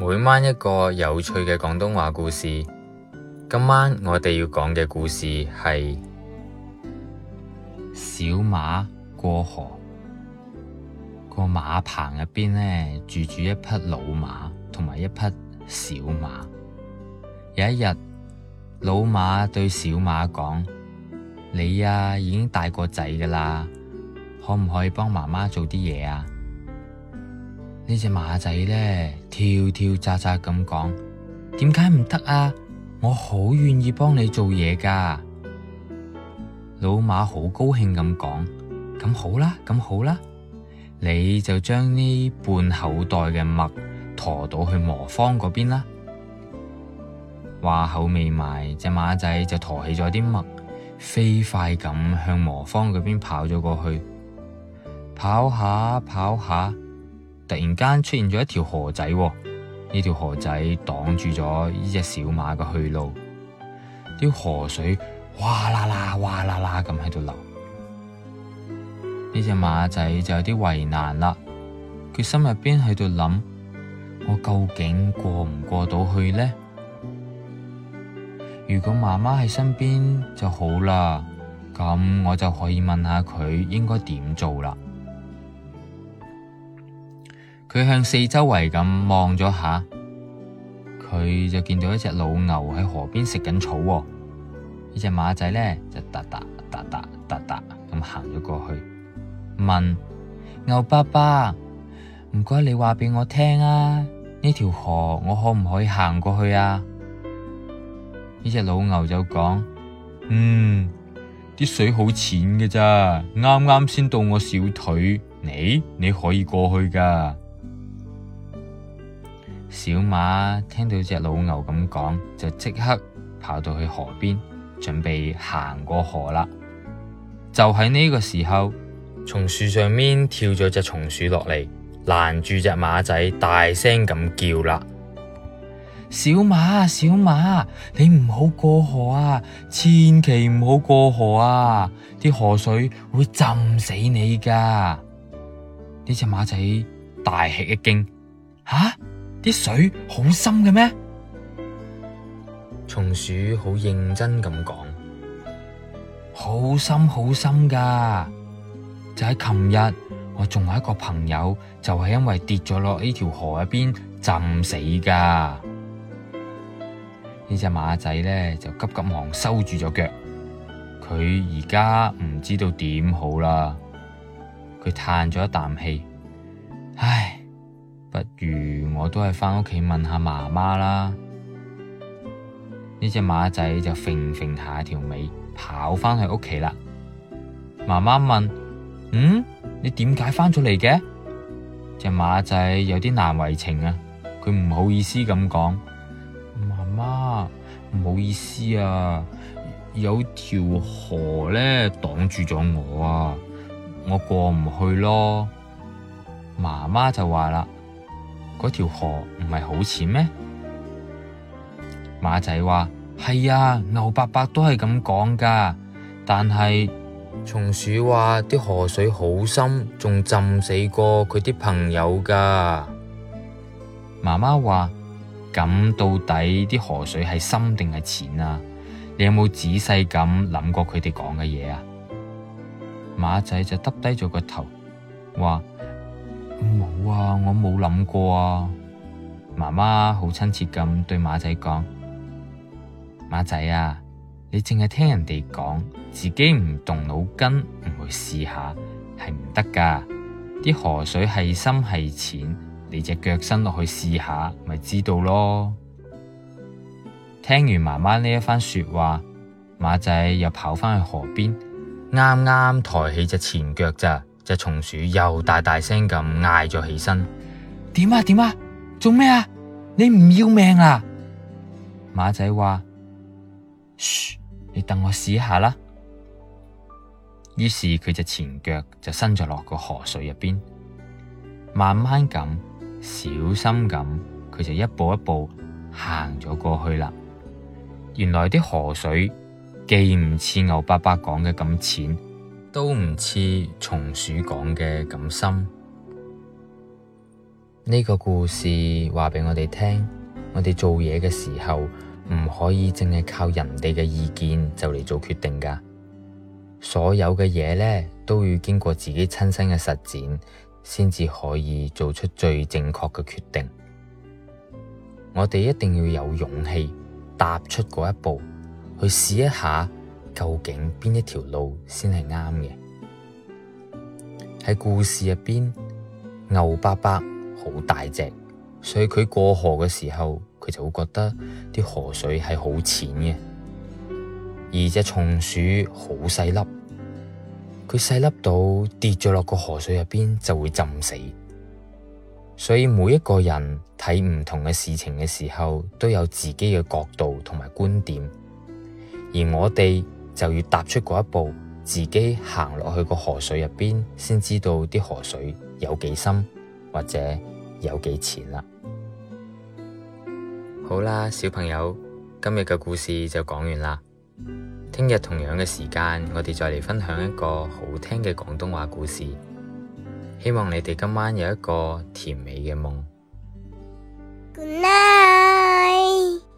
每晚一個有趣嘅廣東話故事，今晚我哋要講嘅故事係小馬過河。個馬棚入邊呢，住住一匹老馬同埋一匹小馬。有一日，老馬對小馬講：你呀，已經大個仔噶啦，可唔可以幫媽媽做啲嘢啊？呢隻馬仔咧，跳跳扎扎咁講，點解唔得啊？我好願意幫你做嘢噶。老馬好高興咁講，咁、嗯、好啦，咁好啦，你就將呢半口袋嘅麥馱到去磨坊嗰邊啦。話口未埋，隻馬仔就馱起咗啲麥，飛快咁向磨坊嗰邊跑咗過去，跑下跑下。跑突然間出現咗一條河仔、哦，呢條河仔擋住咗呢隻小馬嘅去路，啲河水嘩啦啦、嘩啦啦咁喺度流，呢隻馬仔就有啲為難啦。佢心入邊喺度諗：我究竟過唔過到去呢？如果媽媽喺身邊就好啦，咁我就可以問下佢應該點做啦。佢向四周圍咁望咗下，佢就見到一隻老牛喺河邊食緊草哦。呢隻馬仔咧就噠噠噠噠噠噠咁行咗過去，問牛爸爸：唔該，你話畀我聽啊，呢條河我可唔可以行過去啊？呢隻老牛就講：嗯，啲水好淺嘅咋，啱啱先到我小腿，你你可以過去噶。小馬聽到隻老牛咁講，就即刻跑到去河邊，準備行過河啦。就喺呢個時候，從樹上面跳咗隻松鼠落嚟，攔住隻馬仔大聲，大聲咁叫啦：小馬，小馬，你唔好過河啊！千祈唔好過河啊！啲河水會浸死你噶！呢隻馬仔大吃一驚，吓、啊！啲水好深嘅咩？松鼠好認真咁講，好深好深噶，就喺琴日，我仲有一個朋友，就係因為跌咗落呢條河入邊浸死噶。呢隻馬仔咧就急急忙收住咗腳，佢而家唔知道點好啦，佢嘆咗一啖氣，唉。不如我都係翻屋企問下媽媽啦。呢隻馬仔就揈揈下條尾，跑翻去屋企啦。媽媽問：嗯，你點解翻咗嚟嘅？隻馬仔有啲難為情啊，佢唔好意思咁講。媽媽，唔好意思啊，有條河咧擋住咗我啊，我過唔去咯。媽媽就話啦。嗰條河唔係好淺咩？馬仔話：係啊，牛伯伯都係咁講噶。但係松鼠話啲河水好深，仲浸死過佢啲朋友噶。媽媽話：咁到底啲河水係深定係淺啊？你有冇仔細咁諗過佢哋講嘅嘢啊？馬仔就耷低咗個頭，話：冇啊，我冇諗過啊！媽媽好親切咁對馬仔講：馬仔啊，你淨係聽人哋講，自己唔動腦筋，唔去試下係唔得噶。啲河水係深係淺，你隻腳伸落去試下咪知道咯。聽完媽媽呢一番說話，馬仔又跑返去河邊，啱啱抬起隻前腳咋。隻鬆鼠又大大聲咁嗌咗起身：點啊點啊，做咩啊？你唔要命啊？馬仔話：噓，你等我試下啦。於是佢隻前腳就伸咗落個河水入邊，慢慢咁，小心咁，佢就一步一步行咗過去啦。原來啲河水既唔似牛伯伯講嘅咁淺，都唔似松鼠講嘅咁深。呢個故事話畀我哋聽， 我哋做嘢嘅時候唔可以淨係靠人哋嘅意見就嚟做決定㗎。所有嘅嘢呢，都要經過自己親身嘅實踐，先至可以做出最正確嘅決定。我哋一定要有勇氣踏出嗰一步，去試一下。究竟邊一條路先係啱嘅？喺故事入邊，牛伯伯好大隻，所以佢過河嘅時候，佢就會覺得啲河水係好淺嘅。而隻松鼠好細粒，佢細粒到跌咗落個河水入邊就會浸死。所以每一個人睇唔同嘅事情嘅時候，都有自己嘅角度同埋觀點，而我哋，就要踏出嗰一步，自己行落去個河水入邊，先知道啲河水有幾深，或者有幾淺啦。好啦，小朋友，今日嘅故事就講完啦。聽日同樣嘅時間，我哋再嚟分享一個好聽嘅廣東話故事。希望你哋今晚有一個甜美嘅夢。Good night。